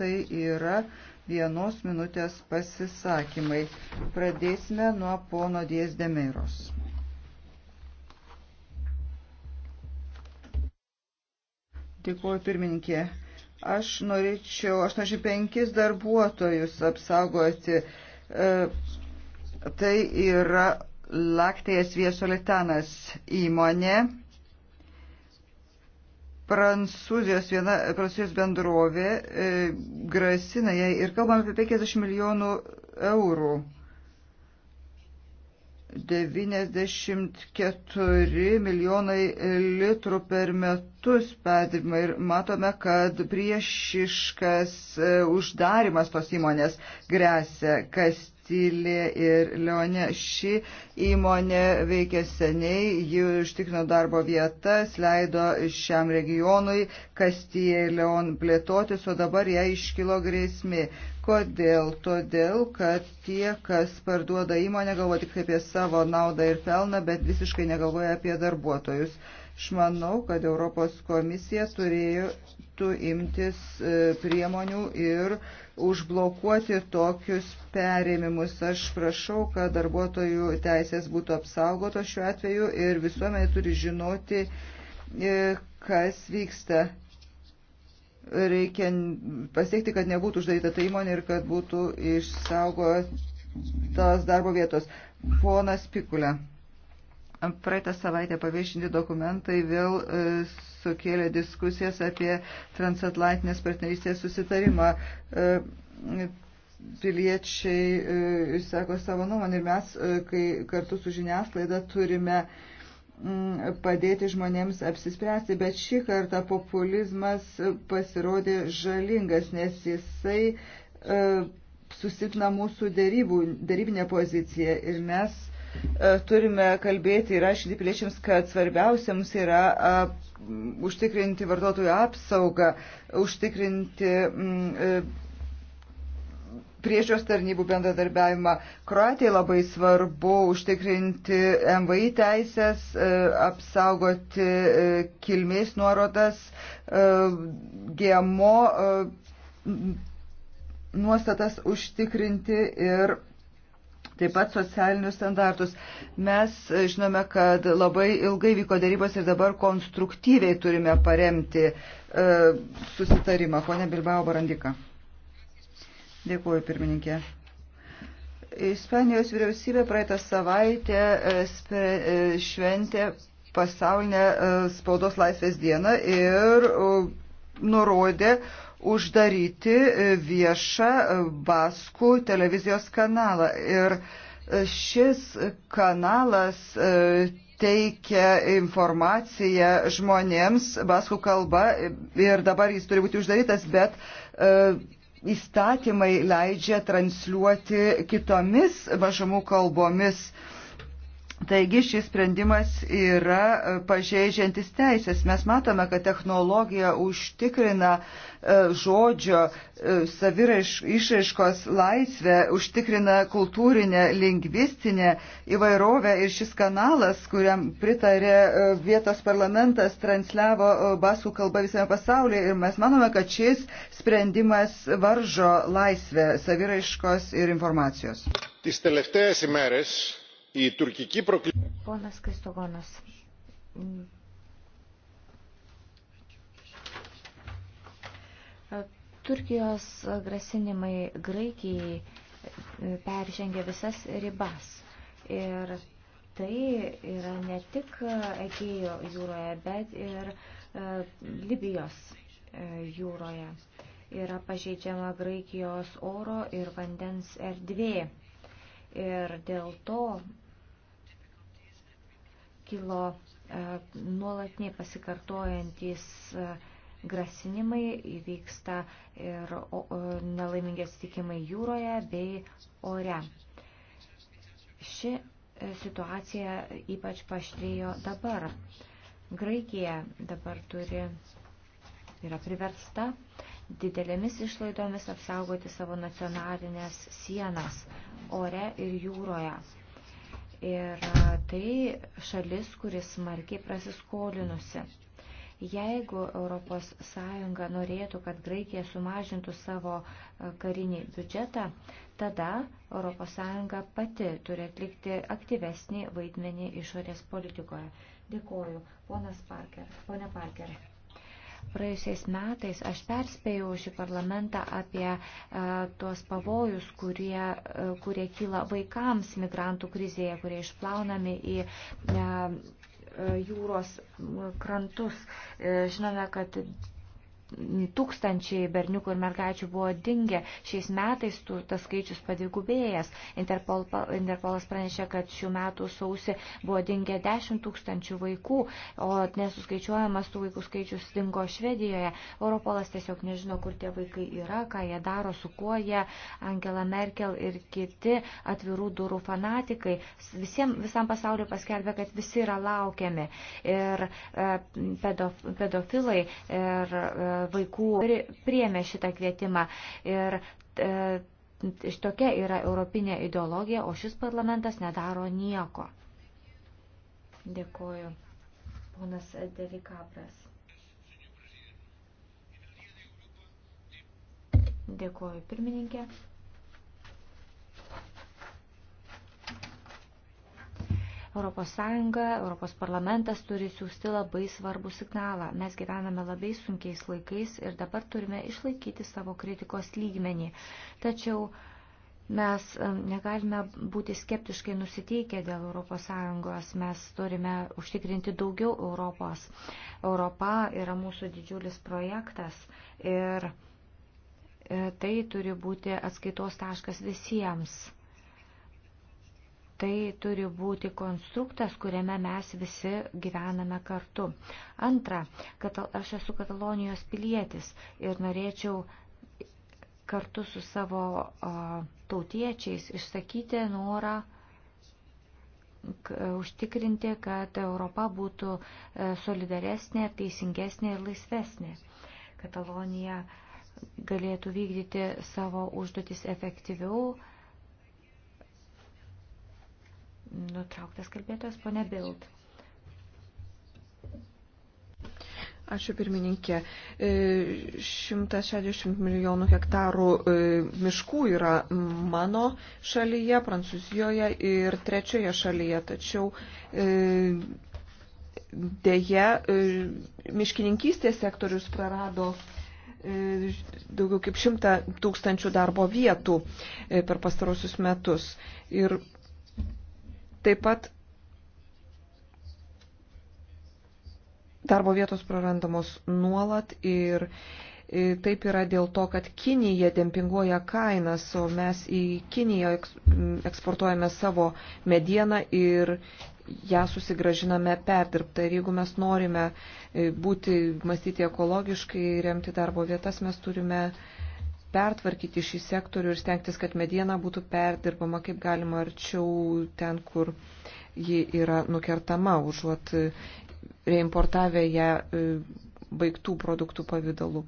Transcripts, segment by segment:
tai yra vienos minutės pasisakymai. Pradėsime nuo pono Dies Demeiros. Dėkuoju pirmininkė. Aš norėčiau 85 darbuotojus apsaugoti. E, tai yra Laktėjas Viesolitanas įmonė. Prancūzijos, viena, Prancūzijos bendrovė e, grasina jai ir kalbam apie 50 milijonų eurų. 94 milijonai litrų per metus perdirbama ir matome, kad priešiškas e, uždarimas tos įmonės grėsia, kas Kastilė ir Leone. Ši įmonė veikia seniai, ji užtikrino darbo vietas, leido šiam regionui Kastilė ir Leon plėtotis, o dabar jai iškilo grėsmė. Kodėl? Todėl, kad tie, kas parduoda įmonę, galvoja tik apie savo naudą ir pelną, bet visiškai negalvoja apie darbuotojus. Aš manau, kad Europos komisija turėtų imtis e, priemonių ir užblokuoti tokius perėmimus. Aš prašau, kad darbuotojų teisės būtų apsaugotos šiuo atveju ir visuomenė turi žinoti, e, kas vyksta. Reikia pasiekti, kad nebūtų uždaryta ta įmonė ir kad būtų išsaugotas darbo vietos. Ponas Pikulė. Praeitą savaitę paviešinti dokumentai vėl e, sukėlė diskusijas apie transatlantinės partnerystės susitarimą. E, piliečiai e, išsako savo nuomonę ir mes, kai kartu su žiniasklaida turime mm, padėti žmonėms apsispręsti, bet šį kartą populizmas pasirodė žalingas, nes jisai susilpna mūsų dėrybų, dėrybinę poziciją ir mes E, turime kalbėti ir aiškinti piliečiams, kad svarbiausiams yra užtikrinti vartotojų apsaugą, užtikrinti e, priežios tarnybų bendradarbiavimą. Kroatijai labai svarbu užtikrinti MVI teisės, e, apsaugoti kilmės nuorodas, GMO nuostatas užtikrinti ir taip pat socialinius standartus. Mes e, žinome, kad labai ilgai vyko darybos ir dabar konstruktyviai turime paremti e, susitarimą. Pone Bilbao Barandika. Dėkuoju, pirmininkė. Ispanijos vyriausybė praeitą savaitę e, e, šventė pasaulinę spaudos laisvės dieną ir nurodė uždaryti viešą baskų televizijos kanalą. Ir šis kanalas e, teikia informaciją žmonėms baskų kalba ir dabar jis turi būti uždarytas, bet e, įstatymai leidžia transliuoti kitomis mažumų kalbomis Taigi šis sprendimas yra e, pažeidžiantis teisės. Mes matome, kad technologija užtikrina e, žodžio e, saviraiškos laisvę, užtikrina kultūrinę, lingvistinę įvairovę ir šis kanalas, kuriam pritarė vietos parlamentas, transliavo basų kalbą visame pasaulyje ir mes manome, kad šis sprendimas varžo laisvę saviraiškos ir informacijos. Tis η τουρκική προκλήση. Πόνας Χριστογόνας. Turkijos grasinimai Graikijai peržengia visas ribas. Ir tai yra ne tik Egėjo jūroje, bet ir e, Libijos e, jūroje. Yra pažeidžiama Graikijos oro ir vandens erdvė. Ir dėl to kilo e, nuolatiniai pasikartojantis e, grasinimai, įvyksta ir nelaimingi atsitikimai jūroje bei ore. Ši e, situacija ypač paštrėjo dabar. Graikija dabar turi, yra priversta didelėmis išlaidomis apsaugoti savo nacionalinės sienas ore ir jūroje. Ir tai šalis, kuris smarkiai prasiskolinusi. Jeigu ES norėtų, kad Graikija sumažintų savo karinį biudžetą, tada ES pati turi atlikti aktyvesnį vaidmenį išorės politikoje. Dėkoju, ponas Parker, ponė Parker. Praėjusiais metais aš perspėjau šį parlamentą apie e, tuos pavojus, kurie, e, kurie kyla vaikams migrantų krizėje, kurie išplaunami į. E, e jūros krantus. E, žinome, kad tūkstančiai berniukų ir mergaičių buvo dingę. Šiais metais tų, tas skaičius padvigubėjęs. Interpol, Interpolas pranešė, kad šių metų sausi buvo dingę 10 tūkstančių vaikų, o nesuskaičiuojamas tų vaikų skaičius dingo Švedijoje. Europolas tiesiog nežino, kur tie vaikai yra, ką jie daro, su kuo jie. Angela Merkel ir kiti atvirų durų fanatikai visiems, visam pasauliu paskelbė, kad visi yra laukiami. Ir e, pedof, pedofilai ir e, vaikų priemė šitą kvietimą. Ir e, tokia yra europinė ideologija, o šis parlamentas nedaro nieko. Dėkuoju. Ponas Delikabras. Dėkuoju pirmininkė. ES, ES parlamentas turi siūsti labai svarbų signalą. Mes gyvename labai sunkiais laikais ir dabar turime išlaikyti savo kritikos lygmenį. Tačiau mes negalime būti skeptiškai nusiteikę dėl ES, mes turime užtikrinti daugiau Europos. Europa yra mūsų didžiulis projektas ir e, tai turi būti atskaitos taškas visiems tai turi būti konstruktas, kuriame mes visi gyvename kartu. Antra, katal, aš esu Katalonijos pilietis ir norėčiau kartu su savo o, tautiečiais išsakyti norą užtikrinti, kad Europa būtų e, solidaresnė, teisingesnė ir laisvesnė. Katalonija galėtų vykdyti savo užduotis efektyviau Nutrauktas kalbėtojas, ponė Bild. Ačiū pirmininkė. 160 e, milijonų hektarų e, miškų yra mano šalyje, Prancūzijoje ir trečioje šalyje. Tačiau dėje e, miškininkystės sektorius prarado daugiau kaip šimtą tūkstančių darbo vietų per pastarosius metus. Ir Taip pat darbo vietos prarandamos nuolat ir e, taip yra dėl to, kad Kinija dempinguoja kainas, o mes į Kiniją eksportuojame savo medieną ir ją susigražiname perdirbtą. Ir jeigu mes norime e, būti, mąstyti ekologiškai, remti darbo vietas, mes turime pertvarkyti šį sektorių ir stengtis, kad mediena būtų perdirbama kaip galima arčiau ten, kur ji yra nukertama, užuot reimportavę ją e, baigtų produktų pavydalu.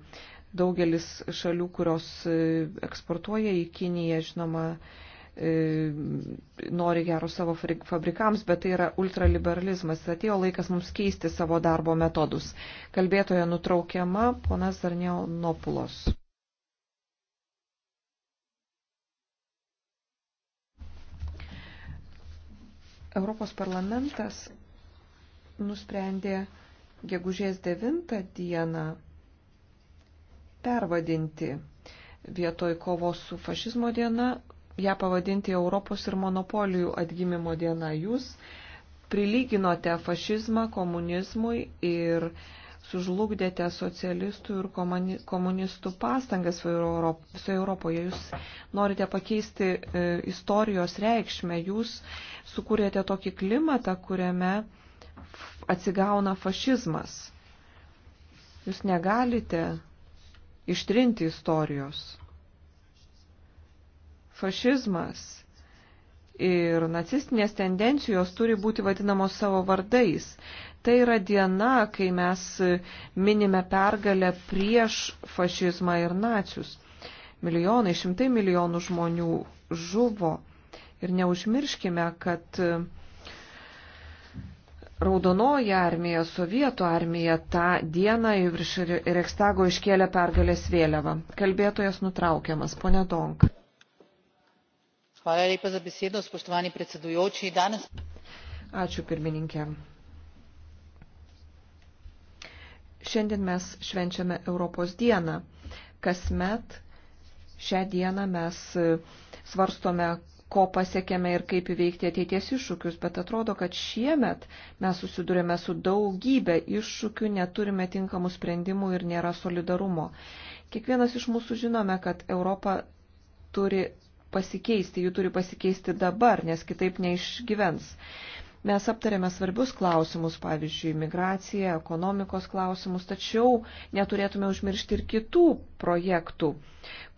Daugelis šalių, kurios e, eksportuoja į Kiniją, žinoma, e, nori gero savo fabrikams, bet tai yra ultraliberalizmas. Atėjo laikas mums keisti savo darbo metodus. Kalbėtoja nutraukiama ponas Arneo Nopulos. Europos parlamentas nusprendė gegužės 9 dieną pervadinti vietoj kovos su fašizmo diena, ją pavadinti Europos ir monopolijų atgimimo diena. Jūs prilyginote fašizmą komunizmui ir sužlugdėte socialistų ir komunistų pastangas visoje Europoje. Jūs norite pakeisti e, istorijos reikšmę. Jūs sukūrėte tokį klimatą, kuriame atsigauna fašizmas. Jūs negalite ištrinti istorijos. Fašizmas ir nacistinės tendencijos turi būti vadinamos savo vardais. Tai yra diena, kai mes minime pergalę prieš fašizmą ir nacius. Milijonai, šimtai milijonų žmonių žuvo. Ir neužmirškime, kad Raudonoji armija, sovietų armija tą dieną į virš Rekstago iškėlė pergalės vėliavą. Kalbėtojas nutraukiamas, ponė Donk. Ačiū pirmininkė. Šiandien mes švenčiame Europos dieną. Kasmet šią dieną mes e, svarstome, ko pasiekėme ir kaip įveikti ateities iššūkius, bet atrodo, kad šiemet mes susidurėme su daugybė iššūkių, neturime tinkamų sprendimų ir nėra solidarumo. Kiekvienas iš mūsų žinome, kad Europa turi pasikeisti, jų turi pasikeisti dabar, nes kitaip neišgyvens. Mes aptarėme svarbius klausimus, pavyzdžiui, migraciją, ekonomikos klausimus, tačiau neturėtume užmiršti ir kitų projektų,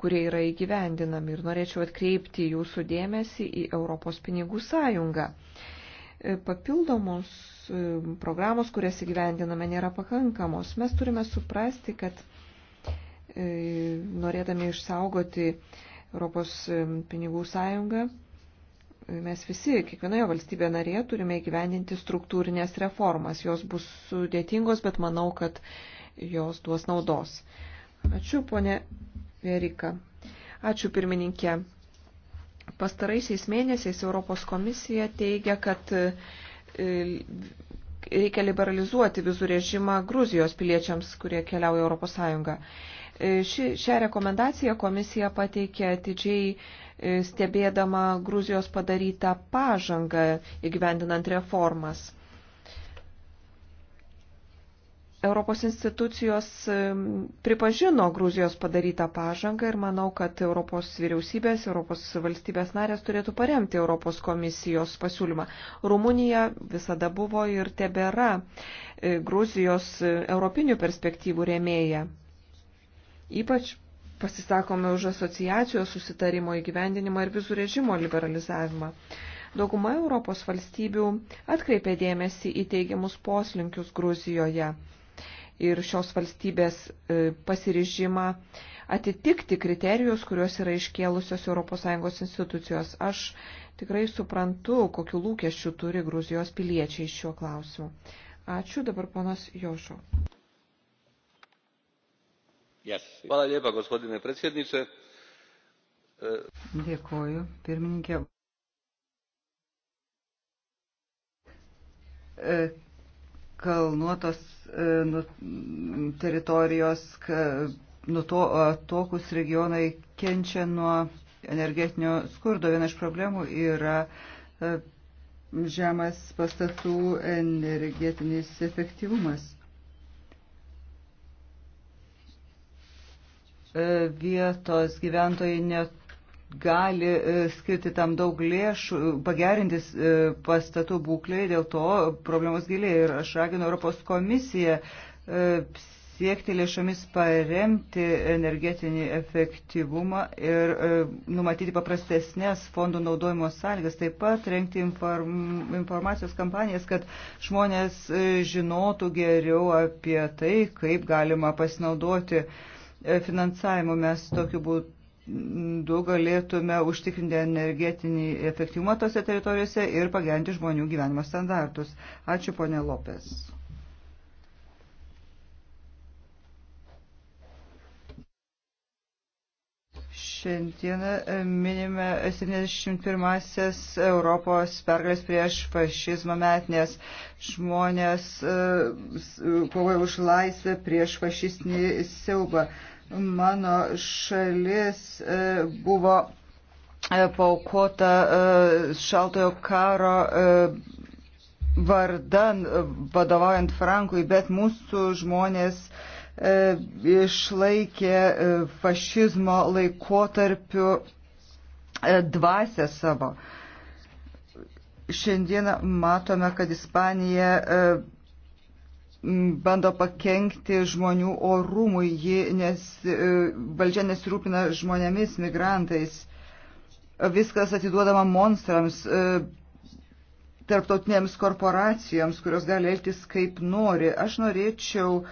kurie yra įgyvendinami. Ir norėčiau atkreipti jūsų dėmesį į Europos pinigų sąjungą. E, papildomos e, programos, kurias įgyvendiname, nėra pakankamos. Mes turime suprasti, kad e, norėdami išsaugoti Europos pinigų sąjungą, mes visi, kiekvienoje valstybėje narėje turime įgyvendinti struktūrinės reformas. Jos bus sudėtingos, bet manau, kad jos duos naudos. Ačiū, ponė Verika. Ačiū, pirmininkė. Pastaraisiais mėnesiais Europos komisija teigia, kad e, reikia liberalizuoti vizų režimą Gruzijos piliečiams, kurie keliauja Europos Sąjungą. E, ši, šią rekomendaciją komisija pateikė atidžiai stebėdama Gruzijos padarytą pažangą įgyvendinant reformas. Europos institucijos pripažino Gruzijos padarytą pažangą ir manau, kad Europos vyriausybės, Europos valstybės narės turėtų paremti Europos komisijos pasiūlymą. Rumunija visada buvo ir tebėra e, Gruzijos e, europinių perspektyvų rėmėja. Ypač pasisakome už asociacijos susitarimo įgyvendinimą ir vizų režimo liberalizavimą. Dauguma Europos valstybių atkreipė dėmesį į teigiamus poslinkius Gruzijoje ir šios valstybės e, pasirižimą atitikti kriterijus, kuriuos yra iškėlusios ES institucijos. Aš tikrai suprantu, kokiu lūkesčiu turi Gruzijos piliečiai šiuo klausimu. Ačiū dabar ponas Jošo gospodine predsjedniče dėkoju pirmininke kalnuotos e, nu, teritorijos nutokus regionai kenčia nuo energetinio skurdo viena iš problemų yra e, žemas pastatų energetinis efektyvumas E, vietos gyventojai net gali e, skirti tam daug lėšų, pagerinti e, pastatų būklei, dėl to problemos gilėja. Ir aš raginu Europos komisiją siekti lėšomis paremti energetinį efektyvumą ir numatyti paprastesnės fondų naudojimo sąlygas, taip pat renkti inform, informacijos kampanijas, kad žmonės žinotų geriau apie tai, kaip galima pasinaudoti uh, finansavimu mes tokiu būdu galėtume užtikrinti energetinį efektyvumą tose teritorijose ir pagerinti žmonių gyvenimo standartus. Ačiū, ponė Lopes. Šiandieną minime 71-asias Europos pergalės prieš fašizmą metnės. Žmonės e, kovoja už laisvę prieš fašistinį siaubą. Mano šalis e, buvo e, paukota e, šaltojo karo vardan, vadovaujant Frankui, bet mūsų žmonės e, išlaikė e, fašizmo laikotarpiu e, dvasę savo. Šiandieną matome, kad Ispanija e, bando pakengti žmonių orumui, ji nes, e, valdžia nesirūpina žmonėmis, migrantais. Viskas atiduodama monstrams, e, tarptautinėms korporacijoms, kurios gali elgtis kaip nori. Aš norėčiau e,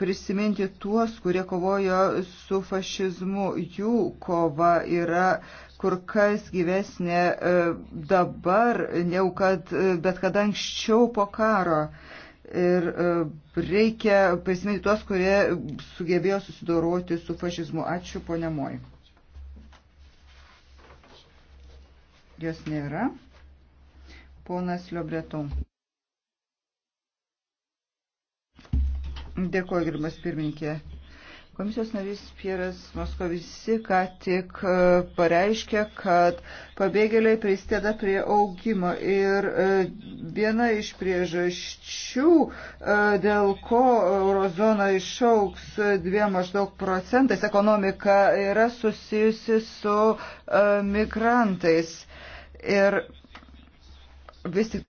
prisiminti tuos, kurie kovojo su fašizmu. Jų kova yra kur kas gyvesnė dabar, negu kad bet kada anksčiau po karo. Ir e, reikia prisiminti tuos, kurie sugebėjo susidoroti su fašizmu. Ačiū, ponia Moj. Jos nėra. Ponas Liobreton. Dėkuoju, gerbimas pirmininkė. Komisijos narys Pieras Moskovici ką tik e, pareiškė, kad pabėgėliai prisideda prie augimo ir e, viena iš priežasčių, e, dėl ko eurozona išauks dviem maždaug procentais, ekonomika yra susijusi su migrantais. Ir vis tik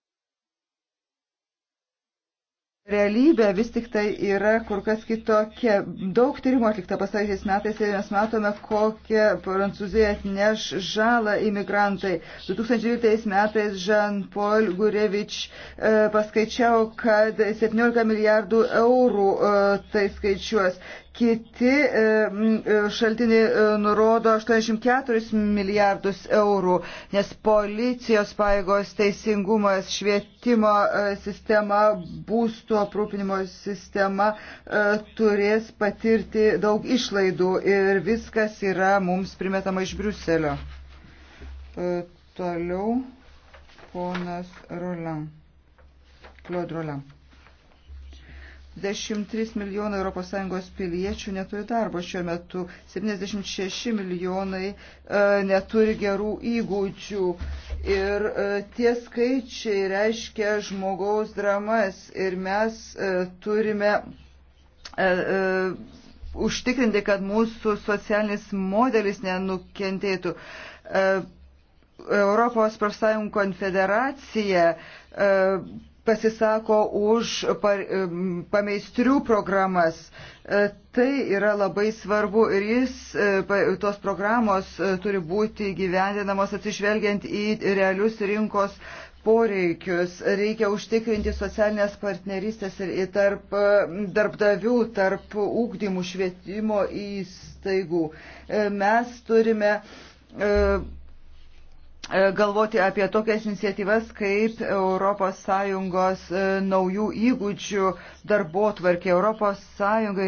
Realybė vis tik tai yra kur kas kitokia. Daug tyrimų atlikta pasaisiais metais ir mes matome, kokią Prancūziją atneš žalą imigrantai. 2012 metais Jean-Paul Gurevič e, paskaičiavo, kad 17 milijardų eurų e, tai skaičiuos. Kiti e, e, šaltiniai e, nurodo 84 milijardus eurų, nes policijos paėgos, teisingumas, švietimo sistema, būsto aprūpinimo sistema turės patirti daug išlaidų ir viskas yra mums primetama iš Briuselio. Toliau ponas Roland. Claude Roland. 73 milijonai ES piliečių neturi darbo šiuo metu, 76 milijonai e, neturi gerų įgūdžių ir e, tie skaičiai reiškia žmogaus dramas ir mes e, turime e, e, užtikrinti, kad mūsų socialinis modelis nenukentėtų. E, Europos profsąjungų konfederacija e, pasisako už e, pameistrių programas. E, tai yra labai svarbu ir jis, tos programos turi būti gyvendinamos atsižvelgiant į realius rinkos poreikius. Reikia užtikrinti socialinės partnerystės ir tarp darbdavių, tarp ūkdymų švietimo įstaigų. Mes turime E, galvoti apie tokias iniciatyvas kaip ES e, naujų įgūdžių darbo tvarkė. ES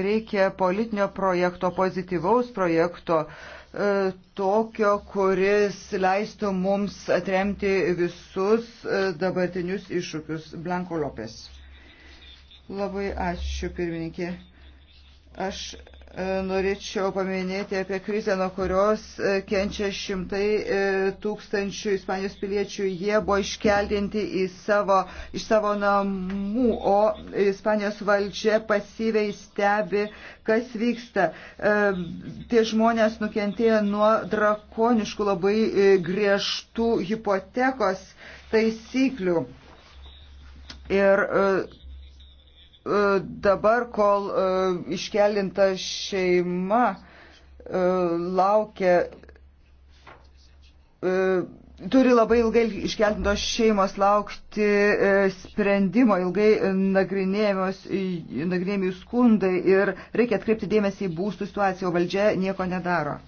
reikia politinio projekto, pozityvaus projekto, e, tokio, kuris leistų mums atremti visus dabartinius iššūkius. Blanko Lopes. Labai ačiū, pirmininkė. Aš E, norėčiau paminėti apie krizę, nuo kurios e, kenčia šimtai e, tūkstančių Ispanijos piliečių. Jie buvo iškeldinti savo, iš savo namų, o Ispanijos valdžia pasyviai stebi, kas vyksta. Tie žmonės nukentėjo nuo drakoniškų labai griežtų hipotekos taisyklių. Ir E, dabar, kol e, iškelinta šeima e, laukia, turi labai ilgai iškeltintos šeimos laukti sprendimo, ilgai nagrinėjami skundai ir reikia atkreipti dėmesį į būstų situaciją, o valdžia nieko nedaro.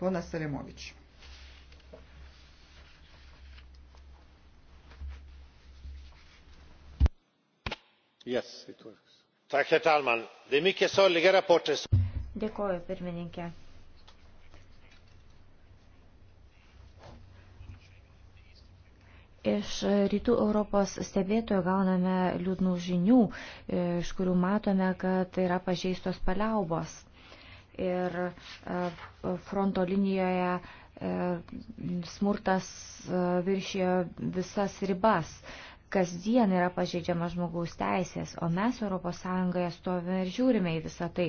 Ponas Salimovičius. Yes, tak, herr talman! Det är mycket sorgliga rapporter. Dėkoju, pirmininkė. Iš rytų Europos stebėtojų gauname liūdnų žinių, e, iš kurių matome, kad yra pažeistos paliaubos. Ir e, fronto linijoje e, smurtas viršijo visas ribas kasdien yra pažeidžiama žmogaus teisės, o mes ES stovime ir žiūrime į visą tai.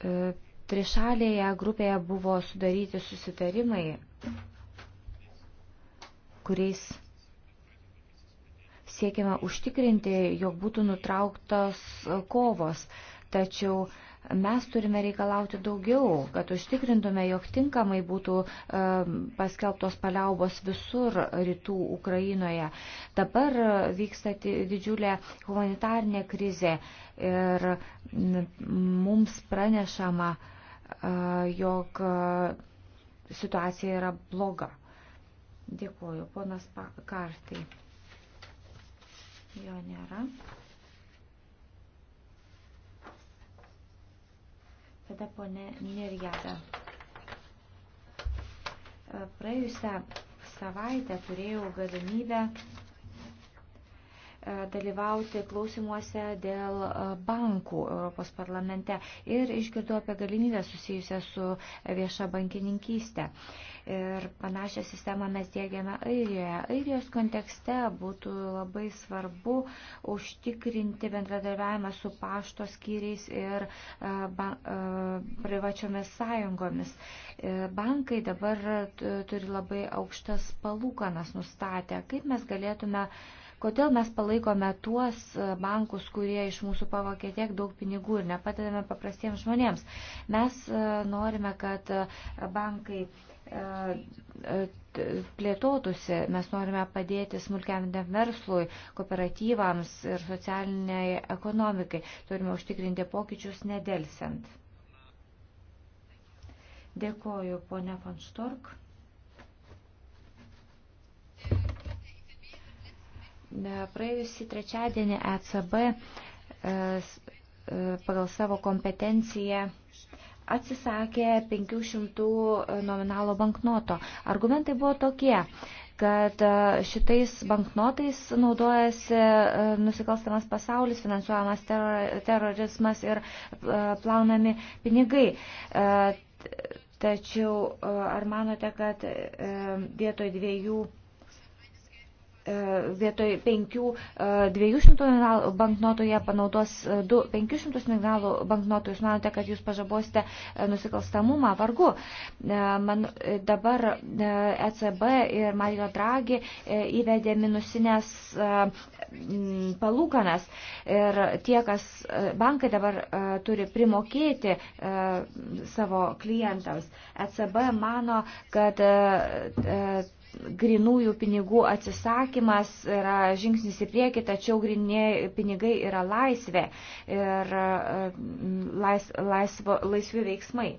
E, trišalėje grupėje buvo sudaryti susitarimai, kuriais siekiama užtikrinti, jog būtų nutrauktos kovos. Tačiau uh, Mes turime reikalauti daugiau, kad užtikrintume, jog tinkamai būtų paskelbtos paliaubos visur rytų Ukrainoje. Dabar vyksta didžiulė humanitarnė krizė ir mums pranešama, e, jog e, situacija yra bloga. Dėkuoju, ponas Kartai. Jo nėra. Tada ponė Nirjada. Praėjusią savaitę turėjau galimybę E, dalyvauti klausimuose dėl e, bankų Europos parlamente ir išgirdau apie galimybę susijusią su vieša bankininkystė. Ir panašią sistemą mes dėgiame Airijoje. Airijos kontekste būtų labai svarbu užtikrinti bendradarbiavimą su pašto skyriais ir e, privačiomis sąjungomis. Bankai dabar turi labai aukštas palūkanas nustatę. Kaip mes galėtume uh, Kodėl mes palaikome tuos e, bankus, kurie iš mūsų pavokė tiek daug pinigų ir nepadedame paprastiems žmonėms? Mes e, norime, kad e, bankai plėtotųsi, mes norime padėti smulkiam verslui, kooperatyvams ir socialiniai ekonomikai. Turime užtikrinti pokyčius nedelsiant. Dėkoju, ponia von Štork. Praėjusį trečiadienį ECB e, e, pagal savo kompetenciją atsisakė 500 nominalo banknoto. Argumentai buvo tokie, kad e, šitais banknotais naudojasi nusikalstamas pasaulis, finansuojamas terorizmas ir plaunami pinigai. Tačiau ar manote, kad vietoj dviejų E, vietoj 5 200 banknotų jie panaudos 2 500 migralų banknotų. Jūs manote, kad jūs pažabosite e, nusikalstamumą vargu. E, man, dabar ECB ir Mario Draghi įvedė minusinės palūkanas ir tie, kas bankai dabar turi primokėti savo klientams. ECB mano, kad grinųjų pinigų atsisakymas yra žingsnis į priekį, tačiau grinieji pinigai yra laisvė ir e, lais, laisvo, laisvi veiksmai.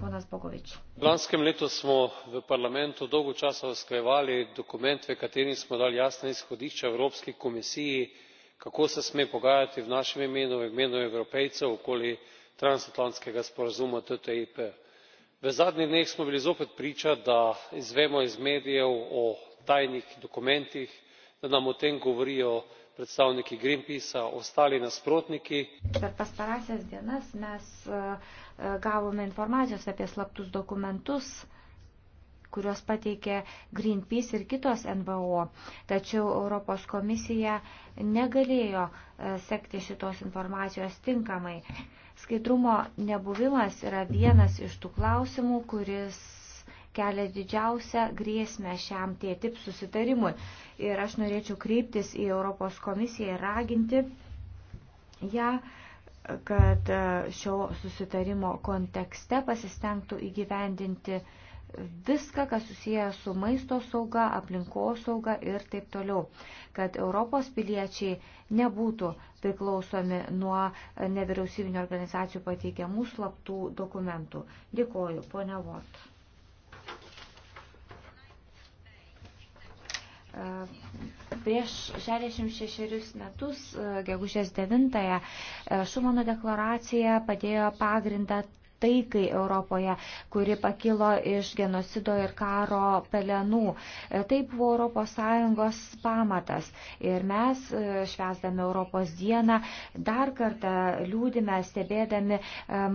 Ponas Bogovič. V lanskem letu smo v parlamentu dolgo časa usklajevali dokument, v katerem smo dali jasna izhodišča Evropski komisiji, kako se sme pogajati v našem imenu, v imenu evropejcev okoli transatlantskega sporazuma TTIP v zadnjih dneh smo bili zopet priča da izvemo iz medijev o tajnih dokumentih da nam o tem govorijo predstavniki greenpeacea ostali nasprotniki. per pastarąsias dienas mes e, e, gavome informacijos apie slaptus dokumentus kuriuos pateikė Greenpeace ir kitos NVO. Tačiau Europos komisija negalėjo e, sekti šitos informacijos tinkamai. Skaidrumo nebuvimas yra vienas iš tų klausimų, kuris kelia didžiausią grėsmę šiam TTIP susitarimui. Ir aš norėčiau kreiptis į Europos komisiją ir raginti ją, kad e, šio susitarimo kontekste pasistengtų įgyvendinti uh, viską, kas susiję su maisto sauga, aplinkos sauga ir taip toliau, kad Europos piliečiai nebūtų priklausomi nuo nevyriausybinio organizacijų pateikiamų slaptų dokumentų. Dėkoju, ponia Vot. Prieš 66 metus, gegužės 9-ąją, Šumano deklaracija padėjo pagrindą taikai Europoje, kuri pakilo iš genocido ir karo pelenų. E, tai buvo ES pamatas. Ir mes, e, švesdami Europos dieną, dar kartą liūdime, stebėdami e,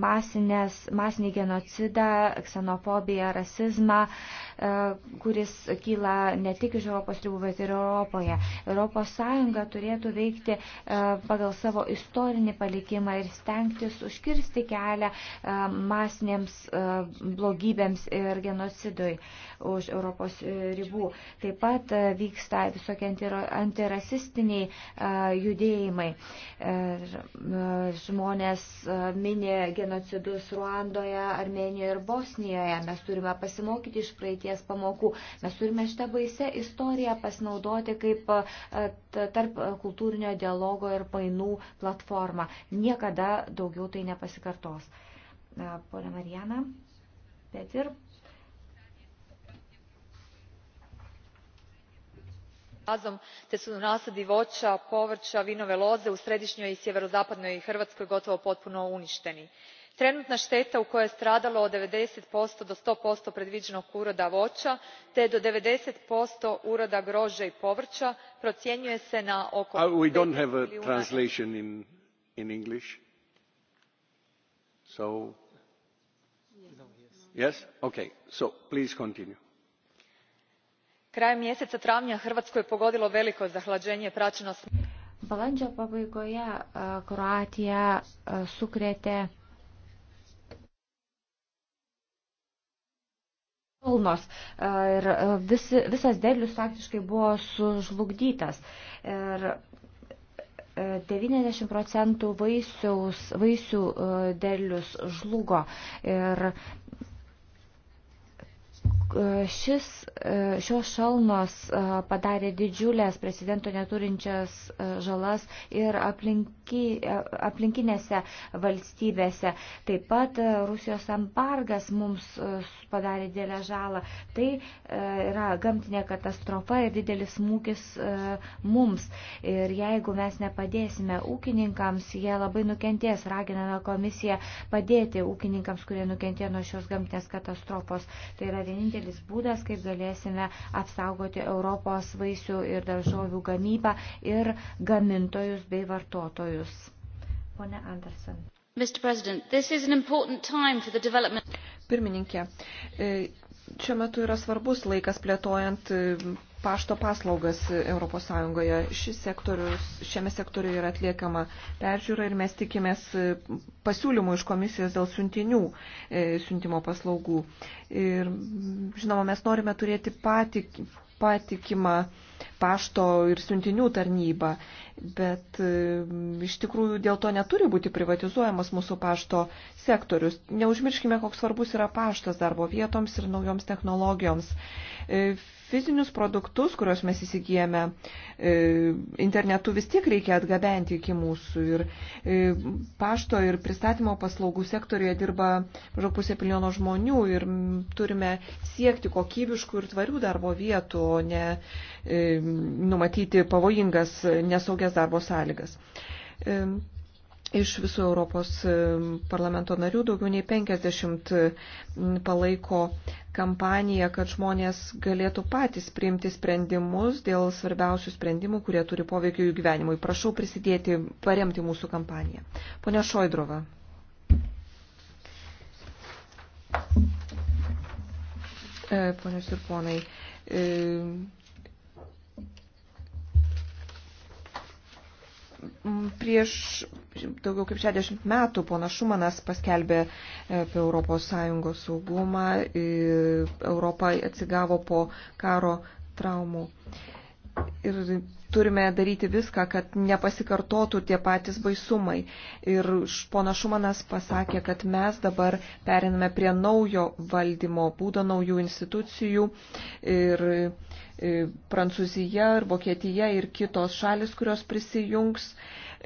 masinės, masinį genocidą, ksenofobiją, rasizmą. E, kuris kyla ne tik iš Europos ribų, bet ir Europoje. Europos Sąjunga turėtų veikti e, pagal savo istorinį palikimą ir stengtis užkirsti kelią e, masinėms blogybėms ir genocidui už Europos ribų. Taip pat vyksta visokie antirasistiniai judėjimai. Žmonės mini genocidus Ruandoje, Armenijoje ir Bosnijoje. Mes turime pasimokyti iš praeitie ateities pamokų. Mes turime šitą baisę istoriją pasinaudoti kaip tarp kultūrinio dialogo ir mainų platformą. Niekada daugiau tai nepasikartos. Pone Marijana, Petir. razom te su nasadi voa povra vinove loze u sredinjoj i sjeverozapadnoj hrvatskoj gotovo potpuno uniteni trenutna šteta u kojoj je stradalo od ninety do one predviđenog uroda voća te do ninety uroda grožđa i povrća procjenjuje se na oko. five uh, krajem mjeseca travnja hrvatsku je pogodilo veliko zahlađenje praćeno. balandžio pabaigoje uh, kroatiją uh, sukrėtė kalnos ir visi, visas derlius faktiškai buvo sužlugdytas. Ir 90 e, procentų vaisiaus, vaisių e, derlius žlugo ir E, šis, e, šios šalnos e, padarė didžiulės prezidento neturinčias žalas ir aplinki, aplinkinėse valstybėse. Taip pat Rusijos embargas mums padarė didelę žalą. Tai yra gamtinė katastrofa ir didelis smūgis mums. Ir jeigu mes nepadėsime ūkininkams, jie labai nukentės. Raginame komisiją padėti ūkininkams, kurie nukentėjo nuo šios gamtinės katastrofos. Tai yra vienintelis vienintelis būdas, kaip galėsime apsaugoti Europos vaisių ir daržovių gamybą ir gamintojus bei vartotojus. Pone Anderson. Pirmininkė, e, šiuo metu yra svarbus laikas plėtojant pašto paslaugas ES. Šis sektorius, šiame sektoriuje yra atliekama peržiūra ir mes tikimės e, pasiūlymų iš komisijos dėl siuntinių e, siuntimo paslaugų. Ir, žinoma, mes norime turėti patik, patikimą pašto ir siuntinių tarnybą, bet e, iš tikrųjų dėl to neturi būti privatizuojamas mūsų pašto sektorius. Neužmirškime, koks svarbus yra paštas darbo vietoms ir naujoms technologijoms fizinius produktus, kuriuos mes įsigijame e, internetu, vis tiek reikia atgabenti iki mūsų. Ir e, pašto ir pristatymo paslaugų sektorijoje dirba maždaug pusė milijono žmonių ir turime siekti kokybiškų ir tvarių darbo vietų, o ne e, numatyti pavojingas nesaugias darbo sąlygas iš visų Europos e, parlamento narių daugiau nei 50 palaiko kampaniją, kad žmonės galėtų patys priimti sprendimus dėl svarbiausių sprendimų, kurie turi poveikio jų gyvenimui. Prašau prisidėti, paremti mūsų kampaniją. Pone Šoidrova. E, ponios ir ponai, e, prieš daugiau kaip 60 metų ponas Šumanas paskelbė e, apie ES saugumą. Europa atsigavo po karo traumų. Ir turime daryti viską, kad nepasikartotų tie patys baisumai. Ir ponas Šumanas pasakė, kad mes dabar periname prie naujo valdymo būdo, naujų institucijų. Ir e, Prancūzija ir Vokietija ir kitos šalis, kurios prisijungs,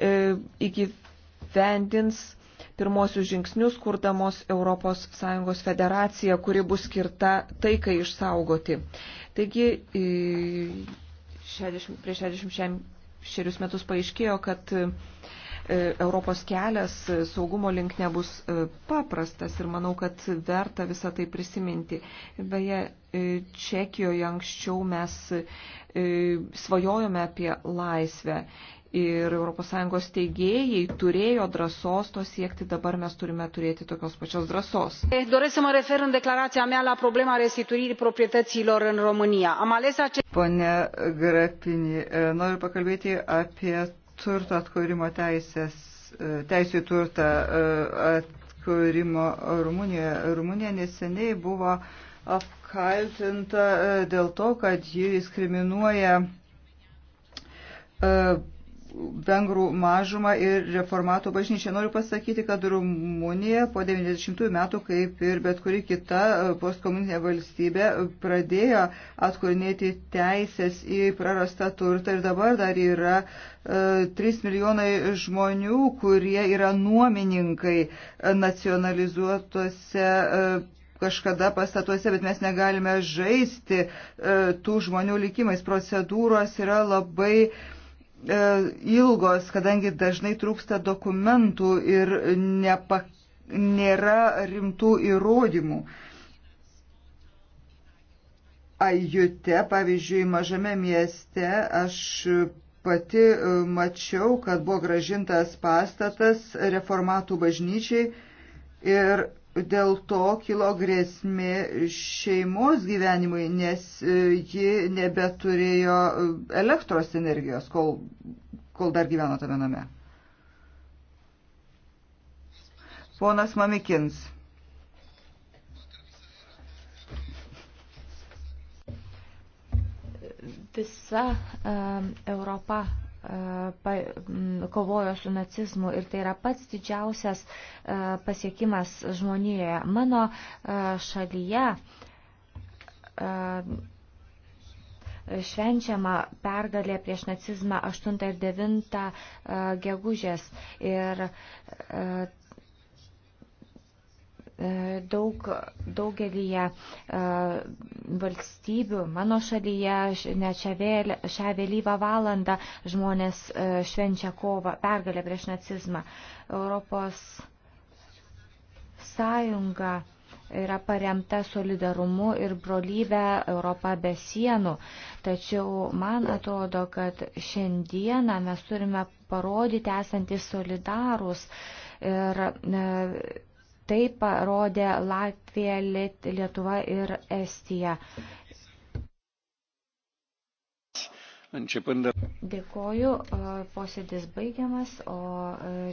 įgyvendinti įgyvendins pirmosius žingsnius, kurdamos ES federaciją, kuri bus skirta taikai išsaugoti. Taigi, 60, prieš 66 metus paaiškėjo, kad e, Europos kelias e, saugumo link nebus e, paprastas ir manau, kad verta visą tai prisiminti. Beje, Čekijoje anksčiau mes svajojome apie laisvę ir ES teigėjai turėjo drąsos to siekti, dabar mes turime turėti tokios pačios drąsos. Doresc să mă refer în declarația mea la problema restituirii proprietăților în România. Am ales acest... Pone Grapini, e, noriu pakalbėti apie turto atkūrimo teisės, e, teisų į turtą e, atkūrimo Rumunijoje. Rumunija neseniai buvo apkaltinta dėl to, kad ji diskriminuoja vengrų mažumą ir reformatų bažnyčią. Noriu pasakyti, kad Rumunija po 90 metų, kaip ir bet kuri kita e, postkomuninė valstybė, pradėjo atkurinėti teisės į prarastą turtą ir dabar dar yra e, 3 milijonai žmonių, kurie yra nuomininkai nacionalizuotose e, kažkada pastatuose, bet mes negalime žaisti e, tų žmonių likimais. Procedūros yra labai e, E, ilgos, kadangi dažnai trūksta dokumentų ir nepa, nėra rimtų įrodymų. Ajute, pavyzdžiui, mažame mieste aš pati e, mačiau, kad buvo gražintas pastatas reformatų bažnyčiai ir dėl to kilo grėsmė šeimos gyvenimui, nes e, ji nebeturėjo e, elektros energijos, kol, kol dar gyveno tame name. Ponas Mamikins. Visa um, Europa Mm, kovojo su nacizmu ir tai yra pats didžiausias e, pasiekimas žmonijoje. Mano e, šalyje e, švenčiama pergalė prieš nacizmą 8 ir 9 gegužės ir E, daug, daugelyje e, valstybių, mano šalyje, net šią, vėl, šią vėlyvą valandą žmonės e, švenčia kovą, pergalę prieš nacizmą. Europos sąjunga yra paremta solidarumu ir brolybė Europa be sienų. Tačiau man atrodo, kad šiandieną mes turime parodyti esantis solidarus ir Tai parodė Latvija, Lietuva ir Estija. Dėkoju, posėdis baigiamas, o